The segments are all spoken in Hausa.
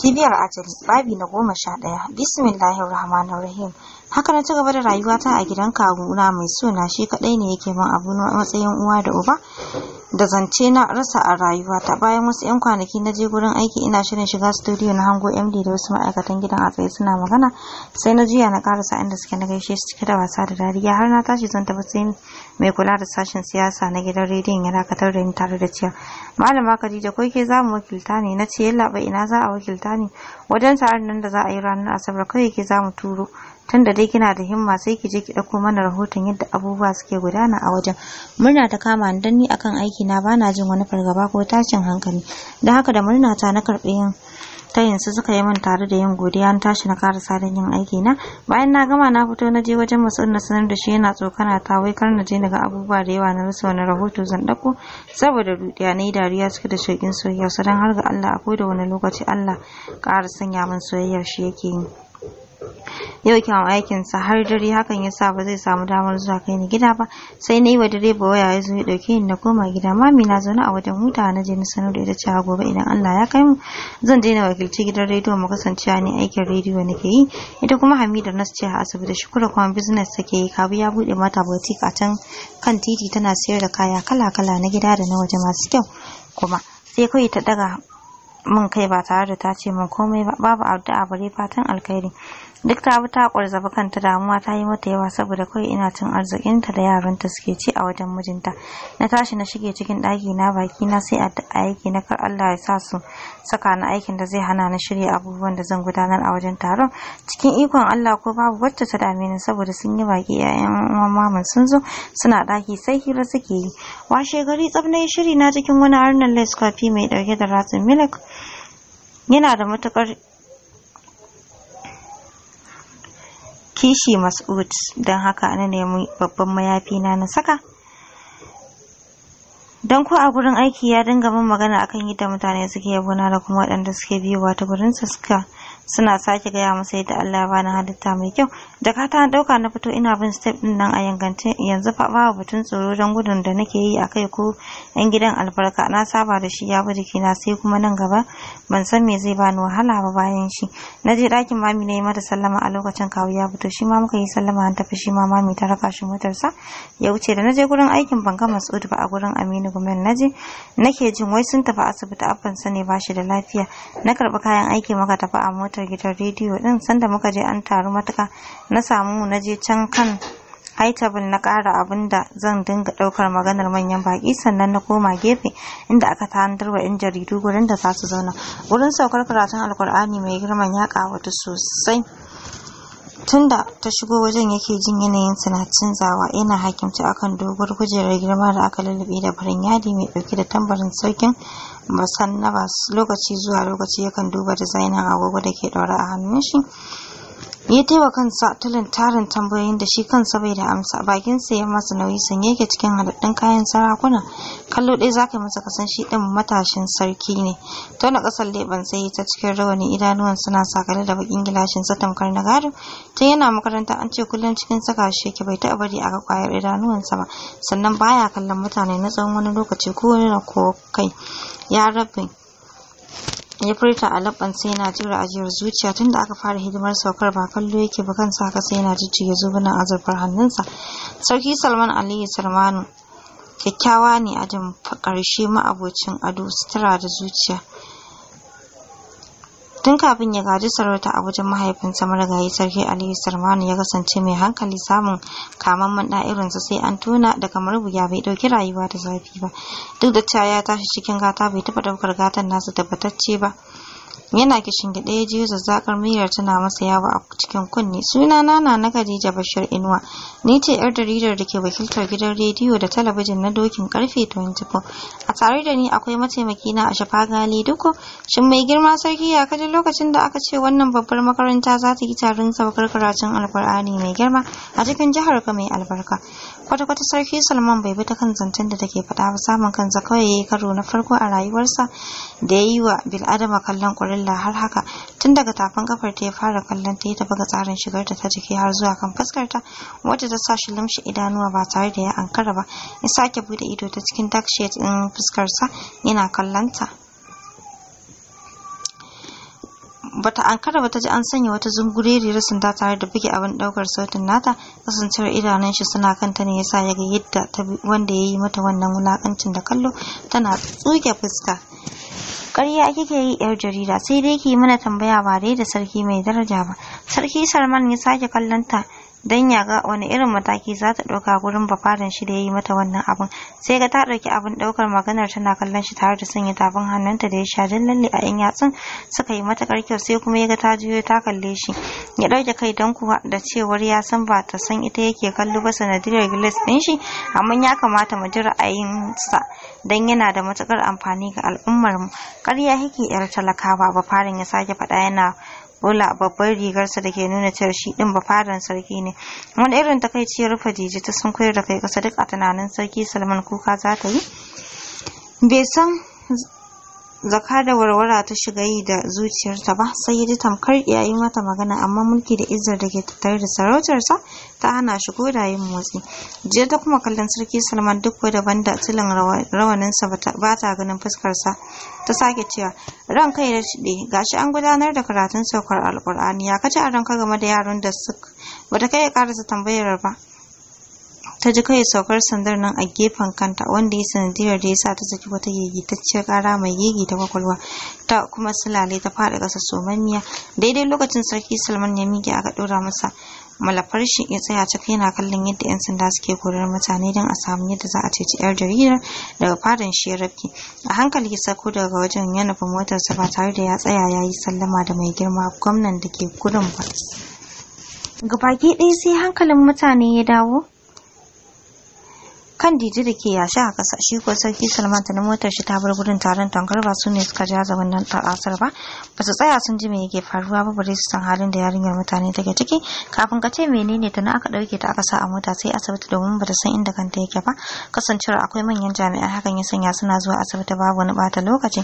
kibiyar ajali babi na goma sha ɗaya bismillahir rahmanir rahim haka na ci gaba da rayuwata a gidan kawuna mai suna shi kaɗai ne yake min abu na matsayin uwa da uba da zance na rasa a rayuwa ta bayan wasu 'yan kwanaki na je gurin aiki ina shirin shiga studio na hango md da wasu ma'aikatan gidan a tsaye suna magana sai na jiya na karasa inda suke na gaishe su cike da wasa da dariya har na tashi zan tafi sai mai kula da sashen siyasa na gidan rediyon ya dakatar da ni tare da cewa malama khadija ko ke za mu wakilta ne na ce yalla ina za a wakilta ne wajen taron nan da za a yi ranar asabar kawai ke za mu turo tunda dai kina da himma sai ki je ki ɗauko mana rahoton yadda abubuwa suke gudana a wajen murna ta kama ni dan ni akan aiki na bana jin wani fargaba ko tashin hankali da haka da murna ta na karɓi yin tayin su suka yi min tare da yin godiya na tashi na karasa sadan yin aiki na bayan na gama na fito na je wajen masu na sanar da shi yana tsokana ta wai kar na je daga abubuwa da yawa na rasa wani rahoto zan dauko saboda rudiya na yi dariya suke da shauƙin soyayya sadan har ga Allah a da wani lokaci Allah ƙara sanya min soyayyar shi yake yi yau kyan sa har dare hakan ya sa ba zai samu damar zuwa kai ni gida ba sai na yi wa direba waya ya zo ya dauke ni na koma gida mami na zaune a wajen huta na je na sanar da ita cewa gobe idan Allah ya kai mu zan je na wakilci gidan rediyo mu kasancewa ne aikin rediyo nake yi ita kuma Hamida nas ce a asibiti shukura kuma business take yi kabu ya buɗe mata boutique a can kan titi tana sayar da kaya kala-kala na gida da na waje masu kyau kuma sai kai ta daga min kai ba tare da ta ce min komai ba babu addu'a bare fatan alkhairi duk ta bi ta kwarzaba kanta damuwa ta yi mata yawa saboda kawai ina cin arzikinta da yaranta suke ci a wajen mijinta na tashi na shige cikin ɗaki na baki na sai addu'a yake na kar Allah ya sa su saka na aikin da zai hana na shirya abubuwan da zan gudanar a wajen taron cikin ikon Allah ko babu wacce ta dame ni saboda sun yi baki 'ya'yan uwan maman sun zo suna ɗaki sai hira suke yi washe gari tsabnai shiri na cikin wani harnan lace mai ɗauke da ratsin milik. yana da matukar kishi mas'ud don haka na nemi babban mayafi na na saka don ko a gurin aiki ya dinga min magana akan yadda mutane suke yabona da kuma waɗanda suke biyowa ta gurinsa suka suna sake gaya masa yadda Allah ba na halitta mai kyau da ka ta dauka na fito ina bin step din nan a yangance yanzu fa ba batun tsoro don gudun da nake yi a kai ko yan gidan albarka na saba da shi ya bi jiki na sai kuma nan gaba ban san me zai bani wahala ba bayan shi na je ɗakin mami na yi mata sallama a lokacin kawu ya fito shi ma muka yi sallama an tafi shi ma mami ta raka shi motarsa ya wuce da na je gurin aikin ban ga Mas'ud ba a gurin Aminu Gumen na je nake jin wai sun tafi asibiti abban sani ba shi da lafiya na karɓi kayan aiki maka tafi a mota tashar gidan rediyo din sanda muka je an taru matuka na samu na je can kan table na ƙara abun da zan dinga ɗaukar maganar manyan baki sannan na koma gefe inda aka tanadar wa 'yan jaridu gurin da za su zauna wurin saukar karatun alkur'ani mai girman ya ƙawatu sosai tunda ta shigo wajen yake jin yanayin na canzawa yana hakimci akan doguwar kujerar girma da aka lullube da farin yadi mai dauke da tambarin saukin Masannabas lokaci zuwa lokaci yakan duba da zainan agogo da ke ɗaure a hannun shi ya taiwa kansa tulin tarin tambayoyin da shi kansa bai da amsa bakinsa ya masa nauyi sanye yake cikin haɗaɗɗun kayan sarakuna kallo ɗaya zaka masa kasan shi ɗin matashin sarki ne tona ƙasar leɓen sai ta cikin rawani idanuwan suna sakale da bakin gilashin sa tamkar na gado tun yana makaranta an ce kullum cikin saka shi yake bai taɓa bari a ga kwayar idanuwansa ba sannan baya kallon mutane na tsawon wani lokaci ko wani ko kai ya rabin ya furta a labban sai yana jira ajiyar zuciya tunda aka fara hidimar saukar ba kallo yake ba kansa haka sai yana jijjiga zubunan azurfar hannunsa sarki salman aliyu salmanu Kyakkyawa ne ajin ƙarshe ma'abocin ado, sutura da zuciya. Tun kafin ya gaji sarauta a wajen mahaifinsa marigayi Sarki Aliyu sarmanu ya kasance mai hankali samun kamamman ɗa irinsa sai an tona da kamar bai ɗauki rayuwa da zafi ba. Duk da cewa ya tashi cikin gata bai taɓa ɗaukar gatan nasa tabbatacce ba. yana kishingiɗe ya jiyo zazzakar miliyar tana masa yawo a cikin kunne suna na na khadija bashir inuwa ni ce yar jaridar da ke wakiltar gidan rediyo da talabijin na dokin karfe 24 a tare da ni akwai mataimaki na a shafagali duku shin mai girma sarki ya kaji lokacin da aka ce wannan babbar makaranta za ta yi taron sabakar karatun alkur'ani mai girma a cikin jihar ka mai albarka kwata-kwata sarki salman bai bi ta kan zancen da take faɗa ba samun kansa kawai ya yi karo na farko a rayuwarsa da ya yi wa bil'adama kallon gorilla har haka tun daga tafan kafar ta ya fara kallon ta ya ta ga tsarin shigar ta ta jiki har zuwa kan fuskar ta wacce ta sa shi limshi idanuwa ba tare da ya ankara ba ya sake bude ido ta cikin dark shade din fuskar sa yana kallon ta bata ankara ba ta ji an sanya wata zungureririyar sanda tare da buge abin daukar sautin nata kasancewar idanun shi suna kanta ne yasa ya ga yadda wanda ya yi mata wannan wulakancin da kallo tana tsuke fuska ƙarya kike yi yar jarida sai dai ki mana tambaya ba dai da sarki mai daraja ba sarki salman ya sake kallon ta don ya ga wani irin mataki za ta ɗauka gurin bafarin shi da ya yi mata wannan abun sai ga ta ɗauki abin ɗaukar maganar tana kallon shi tare da sanya tafin hannunta da ya sha jan lalle a yan yatsun suka yi matakar kyau sai kuma ya ga ta juyo ta kalle shi ya ɗauke kai dan kuwa da cewar ya san ba ta san ita yake kallo ba sanadiyar gilas ɗin shi amma ya kamata mu ji ra'ayinsa don yana da matukar amfani ga al'ummar mu ƙarya yake yar talakawa bafarin ya sake faɗa yana bula babbar rigarsa da ke nuna cewa shi din ba fadan sarki ne wani irin takaiciyar rufe jiji ta sun koyar da kai kasa duk a tunanin sarki salman kuka za ta yi bai san zaka da warwara ta shiga yi da zuciyarta ba sai ya ji tamkar yayi mata magana amma mulki da izzar da ke tattare da sarautarsa ta hana shi goda yin motsi jiya ta kuma kallon sarki salman duk da tilin rawaninsa ba ta ganin fuskarsa ta sake cewa ran kai da shiɗe gashi an gudanar da karatun saukar alkur'ani ya kace a ranka game da yaron da su ta kai karasa tambayar ba ta ji kai saukar sandar nan a gefen kanta wanda ya sanadiyar da ya sa ta saki wata gegitacciyar kara mai gegi ta kwakwalwa ta kuma sulale ta faɗi ƙasa somammiya daidai lokacin sarki salman ya miƙe aka ɗora masa malafar shi ya tsaya cik yana kallon yadda 'yan sanda suke korar mutane don a samu yadda za a ceci 'yar jaridar daga fadan shi ya a hankali ya sako daga wajen yana bin motarsa ba tare da ya tsaya ya yi sallama da mai girma gwamnan da ke gudun ba gabaki ɗaya sai hankalin mutane ya dawo kan didi da ke yashe a ƙasa shi ko sarki salman ta na motar shi ta bar gudun taron tankar ba su ne suka jaza wannan ta'asar ba ba su tsaya sun ji me yake faruwa ba bare su san halin da yarinyar mutane take ciki kafin ka ce menene ta na aka ɗauke ta aka sa a mota sai asibiti domin ba ta san inda kanta yake ba kasancewar akwai manyan jami'an hakan ya sanya suna zuwa asibiti babu wani bata lokaci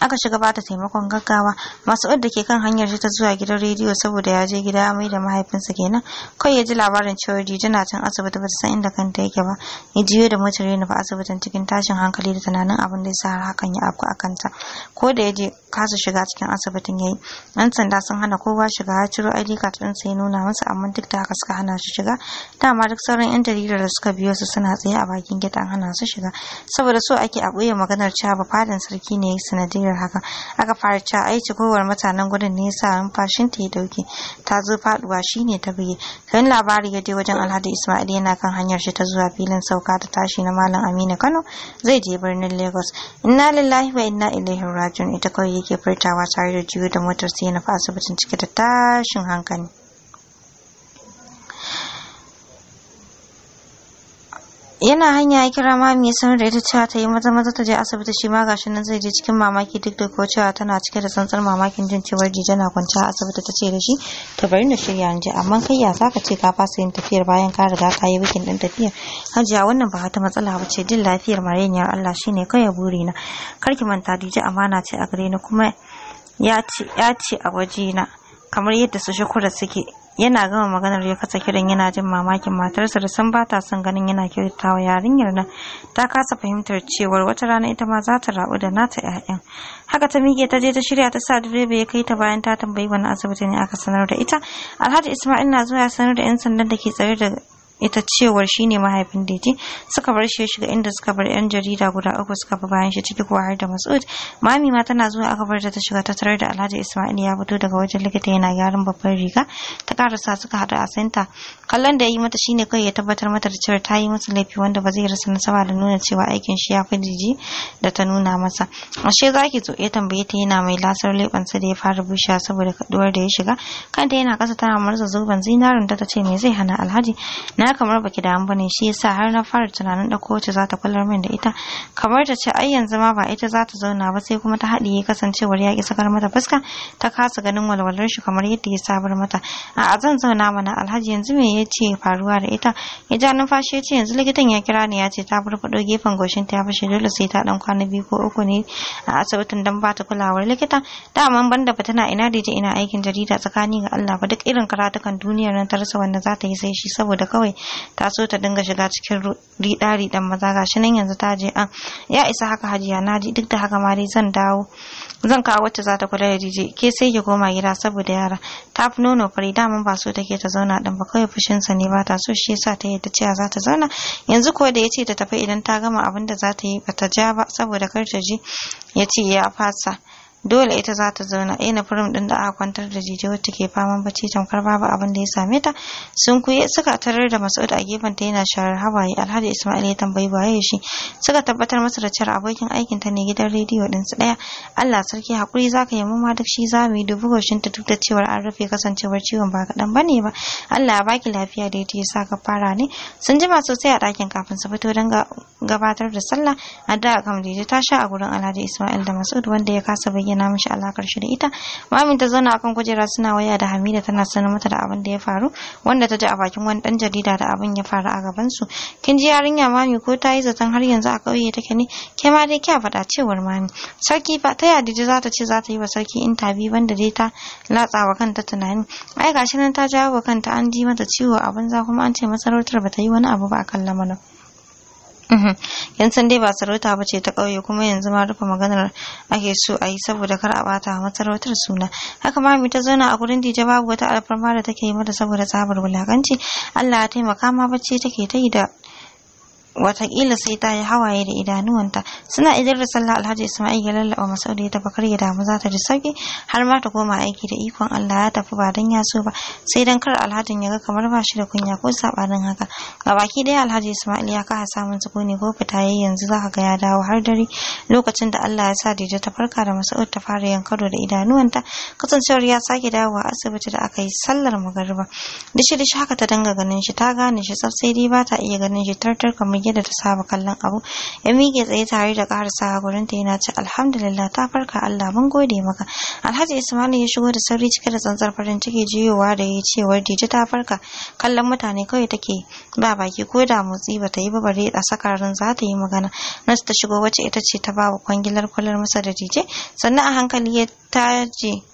aka shiga bata taimakon gaggawa masu da ke kan hanyar ta zuwa gidan rediyo saboda ya je gida mai da mahaifinsa kenan kai ya ji labarin cewa rijina tun asibiti ba ta san inda kanta yake ba ya jiyo da mutane yana ba asibitin cikin tashin hankali da tunanin abin da ya sa har hakan ya afku a kanta ko da ya je kasa shiga cikin asibitin yayi yan sanda sun hana kowa shiga har ciro ID card din sai nuna masa amma duk da haka suka hana shi shiga dama duk sauran yan jaridar da suka biyo su suna tsaye a bakin gidan hana su shiga saboda so ake a ɓoye maganar cewa ba fadan sarki ne sanadiyar haka aka fara cewa ai cikowar mutanen gudun ne yasa numfashin ta ya dauke ta zo faduwa shine ta biye kan labari ya je wajen Alhaji Ismail yana kan hanyar shi ta zuwa filin sauka ta tashi na Malam Aminu Kano zai je birnin Lagos inna lillahi wa inna ilaihi rajiun ita kawai yake furtawa tare da juyo da motar sai ya fi asibitin cike da tashin hankali yana hanya ya kira mami ya sanar da ita cewa ta yi maza maza ta je asibiti shi ma gashi nan zai je cikin mamaki duk da ko cewa tana cike da tsantsar mamakin jin cewar jija na a asibiti ta ce da shi ta bari na shirya in je amma kai ya zaka ce ka fasa yin tafiyar bayan ka riga ka yi bikin din tafiyar hajiya wannan ba wata matsala ba ce jin lafiyar mareniyar Allah shi shine kawai burina kar ki manta dija amana ce a gare ni kuma ya ce a na kamar yadda su shakura suke yana gama maganar ya kasa kiran yana jin mamakin matarsa da san bata son ganin yana kyautatawa yarinyar nan ta kasa fahimtar cewar wata rana ita ma za ta rabu da nata 'ya'yan haka ta miƙe ta je ta shirya ta sa direba ya kai ta bayan ta tambayi wani asibiti ne aka sanar da ita alhaji isma'il na zuwa sanar da 'yan sandan da ke tsare da ita cewar shine mahaifin da Deji suka bar shi ya shiga inda suka bar yan jarida guda uku suka bi bayan shi ciki kuwa da Mas'ud mami ma tana zuwa aka bar ta shiga ta tarar da Alhaji Isma'il ya fito daga wajen likita yana gyaran babban riga ta karasa suka hadu a senta kallon da ya yi mata shine kai ya tabbatar mata da cewa ta yi masa laifi wanda ba zai rasa nasaba da nuna cewa aikin shi ya fi jiji da ta nuna masa ashe zaki zo ya tambaye ta yana mai lasar sa da ya fara bushewa saboda kaduwar da ya shiga kanta yana kasa tana murza zuban zinarin ta ce me zai hana Alhaji na na kamar baki damu bane shi yasa har na fara tunanin da wacce za ta kular min da ita kamar ta ce ai yanzu ma ba ita za ta zauna ba sai kuma ta haɗiye kasancewar ya ki sakar mata fuska ta kasa ganin walwalar shi kamar yadda ya sabar mata a zan zauna mana alhaji yanzu me ya ce faruwa da ita ya ja numfashi ya ce yanzu likitan ya kira ni ya ce ta farfaɗo gefen goshin ta ya fashe dole sai ta dan kwana biyu ko uku ne a asibitin dan ba ta kulawar likita daman banda ba tana ina da ina aikin jarida tsakani ga Allah ba duk irin karatukan duniyar nan ta rasa wanda za yi sai shi saboda kawai ta so ta dinga shiga cikin ridari dan maza gashi nan yanzu ta je an ah, ya isa haka hajiya na ji duk da haka ma dai zan dawo zan kawo wacce za ta kula da dije ke sai ki koma gida saboda yara ta fi nono fari daman ba so take ta zauna din ba kawai sa ne ba ta so shi yasa ta yadda cewa za ta zauna yanzu ko da ya ta tafi idan ta gama abin da za ta yi ba ta ja ba saboda kar ta ji yace ya fasa dole ita za ta zauna ina eh, firim din da aka kwantar da jije wacce ke faman bacci tamkar babu abin da ya same ta sun kuye suka tarar da Mas'ud a gefen ta yana sharar hawaye Alhaji Ismail ya tambayi waye shi suka tabbatar masa da cewa abokin aikin ta ne gidan rediyo din su daya Allah sarki hakuri zaka yi mamma duk shi za mu yi dubu goshin ta duk da cewa an rufe kasancewar ciwon ba kadan bane ba Allah ya baki lafiya da ya sa ka fara ne sun jima sosai a dakin kafin su fito don gabatar da sallah a da kam ta sha a gurin Alhaji Ismail da Mas'ud wanda ya kasa bayyana bayyana mishi alakar shi da ita mamin ta zauna akan kujera suna waya da hamida tana sanar mata da abin da ya faru wanda ta ji a bakin wani dan jarida da abin ya faru a gaban su kin ji yarinya mami ko ta yi zaton har yanzu a kauye take ne ke ma dai kya faɗa cewar mami sarki ba ta yadda za ta ce za ta yi wa sarki intabi banda dai ta latsa latsawa kanta tunani ai gashi nan ta jawo wa kanta an ji mata ciwo a banza kuma an ce masarautar ba ta yi wani abu ba a akan lamarin Mhm. yan sande ba sarauta ba ce ta ƙauye kuma yanzu ma rufe maganar ake so a yi saboda kar a bata masarautar suna haka mami ta zauna a gurin dija babu wata alfarma da take yi mata saboda tsabar wulakanci allah ya taimaka ma bacci take ta yi da watakila sai ta yi hawaye da idanuwanta suna idan da sallah alhaji isma'il ya lallaɓa masaudi ya kar ya damu za ta ji sauki har ma ta koma aiki da ikon allah ya tafi ba don ya ba sai don kar alhajin ya ga kamar ba shi da kunya ko sabanin haka ga baki daya alhaji isma'il ya kaha samun sukuni ko fita yi yanzu za ga ya dawo har dare lokacin da allah ya sa dija ta farka da masaud ta fara yankado da idanuwanta kasancewar ya sake dawo a asibiti da aka yi sallar magariba dishi dishi haka ta danga ganin shi ta gane shi tsaf sai dai ba ta iya ganin shi tartar kamar kamar yadda ta saba kallon abu ya miƙe tsaye tare da ƙarasa a gurin ta yana ce alhamdulillah ta farka Allah mun gode maka Alhaji Ismail ya shigo da sauri cike da tsantsar farin ciki jiyowa da ya ce wai Dije ta farka kallon mutane kawai take ba baki ko da motsi ba ta yi ba bare a sakarin za ta yi magana nas ta shigo wacce ita ce ta ba kwangilar kwalar masa da Dije sannan a hankali ya taje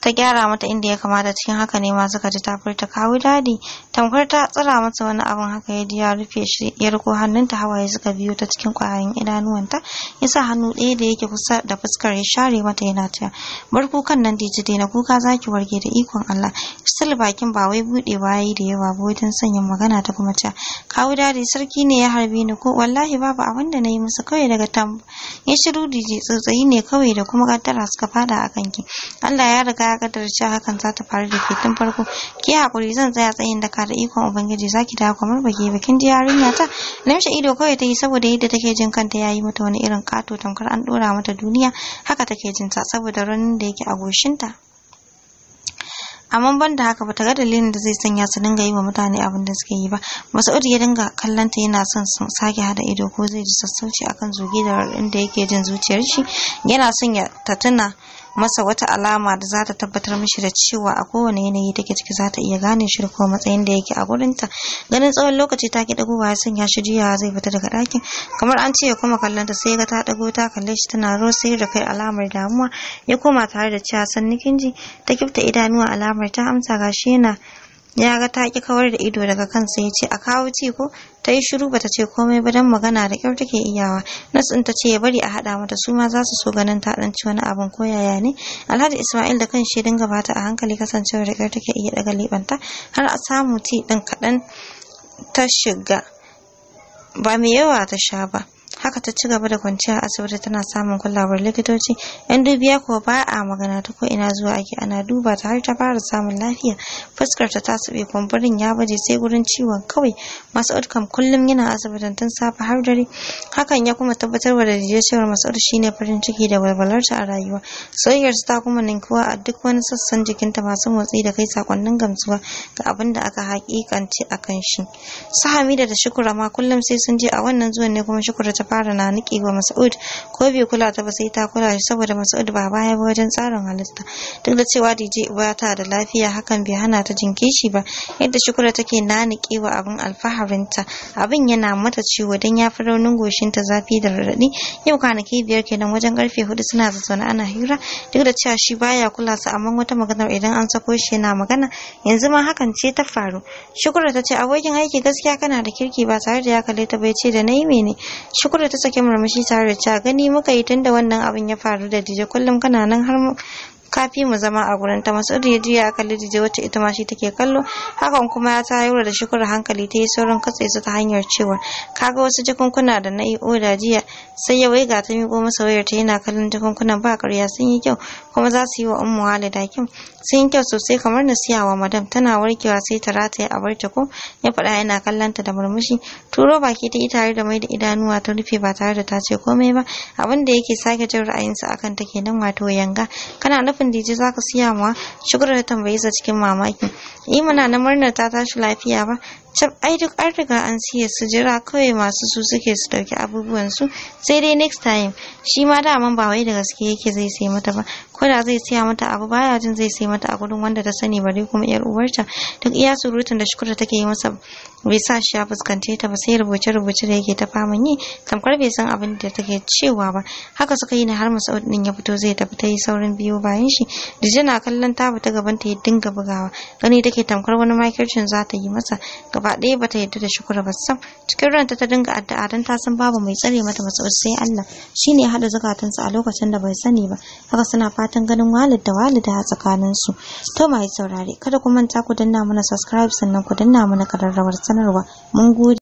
ta gyara mata inda ya kamata cikin haka ne ma suka ji ta furta kawo dadi tamkar ta tsira mata wani abin haka ya ji ya rufe shi ya riko hannunta hawaye suka biyo ta cikin kwayoyin idanuwanta ya sa hannu ɗaya da yake kusa da fuskar ya share mata yana taya bar kukan nan da ji daina kuka zaki warge da ikon Allah sil bakin ba wai buɗe yayi da yawa ba wajen sanya magana ta kuma ta kawo dadi sarki ne ya harbe ni ko wallahi babu abin da na yi masa, kawai daga tam ya shiru dije tsotsayi ne kawai da kuma gaddara suka fada a kanki Allah ya riga ta ya kaddara cewa hakan za ta faru da ke tun farko ke hakuri zan tsaya tsayin daka da ikon ubangiji zaki dawo kamar baki ba kin ji yarinya ta lamshe ido kawai ta yi saboda yadda take jin kanta yayi mata wani irin kato tamkar an dora mata duniya haka take jin ta saboda ranin da yake a goshinta amma ban da haka bata ga dalilin da zai sanya su dinga yi wa mutane abin da suke yi ba Mas'ud ya dinga kallon yana son su sake hada ido ko zai ji sassauci akan zugi da raɗin da yake jin zuciyar shi yana son ya ta tuna masa wata alama da za ta tabbatar mishi da cewa a kowane yanayi take ciki za ta iya gane shi da kuma matsayin da yake a gurinta ganin tsawon lokaci ta ki dagowa ya sanya shi juyawa zai fita daga ɗakin kamar an ce ya kuma kallon ta sai ga ta dago ta kalle shi tana sayar da kai alamar damuwa ya koma tare da cewa sannikinji ta kifta idanuwa alamar ta amsa gashi yana ya ga ta ki kawar da ido daga kansa ya ce a kawo ci ko ta yi shiru bata ce komai ba don magana da kyau take iyawa nasin ta ce ya bari a haɗa mata su ma za su so ganin ta wani abin ko yaya ne alhaji ismail da kan shi dinga bata a hankali kasancewa da kyau take iya daga leɓanta har a samu ci ɗin kaɗan ta shiga ba mai yawa ta sha ba haka ta ci gaba da kwanciya asibiti tana samun kulawar likitoci yan dubiya ko ba a magana ta ko ina zuwa ake ana duba ta har ta fara samun lafiya fuskar ta ta sube kumburin ya baje sai gurin ciwon kawai masu kam kullum yana asibitin tun safe har dare hakan ya kuma tabbatar da jiya cewar mas'ud shine farin ciki da walwalarta a rayuwa soyayyar ta kuma ninkuwa a duk wani sassan jikinta masu motsi da kai sakonnin gamsuwa ga abin da aka hakikanci kan shi su hamida da shukura ma kullum sai sun je a wannan zuwan ne kuma shukura ta fara na wa Mas'ud ko bai kula ta ba sai ta kula shi saboda Mas'ud ba baya ba wajen tsarin halitta duk da cewa DJ ba ta da lafiya hakan bai hana ta jin kishi ba yadda shukura take na wa abin ta abin yana mata ciwo dan ya fi raunin ta zafi da raɗaɗi yau kwanaki biyar kenan wajen karfe hudu suna zazzauna ana hira duk da cewa shi baya kula su amma wata magana idan an sako shi yana magana yanzu ma hakan ce ta faru shukura ta ce abokin aiki gaskiya kana da kirki ba tare da ya kalle ta bai ce da na yi mene shukura Sauda ta saki murmushi tare da cewa gani muka yi tunda wannan abin ya faru da Dije kullum kana nan har ka fi mu zama a gurin ta masudu ya juya aka Lidije wacce ita ma shi take kallo hakan kuma ya yura da shukur hankali ta yi saurin katse su ta hanyar cewa kaga wasu jakunkuna da na yi oda jiya sai ya waiga ta miko masa wayar ta yana kallon jakunkunan ba ƙarya sun yi kyau kuma za su yi wa ummu halida kyau sun yi kyau sosai kamar na siyawa madam tana warkewa sai ta rataya a barta ko ya faɗa yana kallonta da murmushi turo baki ta yi tare da mai da idanuwa ta rufe ba tare da ta ce komai ba abin da yake sake jin ra'ayinsa akan ta kenan wato yanga kana nufin tufafin da za ka siya ma shugura ta tambayi sa cikin mamaki yi mana na murnar ta tashi lafiya ba can ai duk an riga an siya su jira kawai masu su suke su dauki abubuwan su sai dai next time shi ma daman ba wai da gaske yake zai sai mata ba koda zai siya mata abu baya jin zai sai mata a gurin wanda ta sani dai kuma yar uwarta duk iya surutun da shukura take yi masa bai sa shi ya fuskance ta ba sai rubuce rubuce da yake ta fama yi tamkar bai san abin da take cewa ba haka suka yi na har Masaud din ya fito zai tafi ta yi saurin biyo bayan shi da na kallon ta ta gaban ta ya dinga bugawa gani take tamkar wani makircin za ta yi masa gaba ɗaya bata yadda da shukura ba sam cikin ranta ta dinga addu'a dan ta san babu mai tsare mata Masaud sai Allah shine ya hada zakatunsa a lokacin da bai sani ba haka suna fata fatan ganin walid da walida a tsakanin tsakaninsu to mai saurare kada ku manta ku danna mana subscribe sannan ku danna mana kararrawar sanarwa mun gode